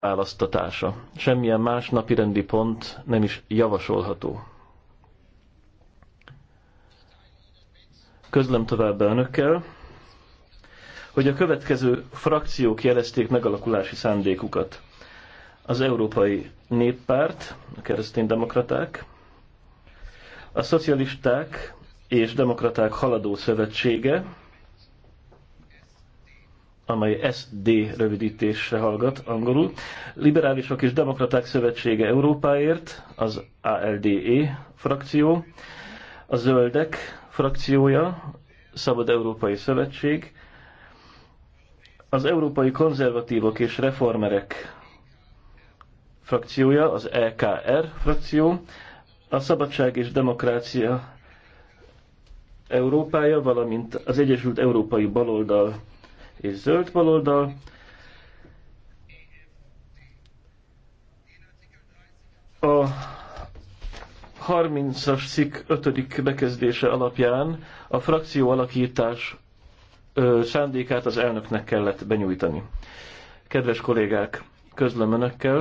választatása. Semmilyen más napirendi pont nem is javasolható. Közlem tovább önökkel, hogy a következő frakciók jelezték megalakulási szándékukat. Az Európai Néppárt, a kereszténydemokraták, a szocialisták és demokraták haladó szövetsége, amely SD rövidítésre hallgat angolul. Liberálisok és Demokraták Szövetsége Európáért, az ALDE frakció, a Zöldek frakciója, Szabad Európai Szövetség, az Európai Konzervatívok és Reformerek frakciója, az EKR frakció, a Szabadság és Demokrácia Európája, valamint az Egyesült Európai Baloldal és zöld baloldal. A 30-as cikk 5. bekezdése alapján a frakció alakítás szándékát az elnöknek kellett benyújtani. Kedves kollégák, közlöm önökkel,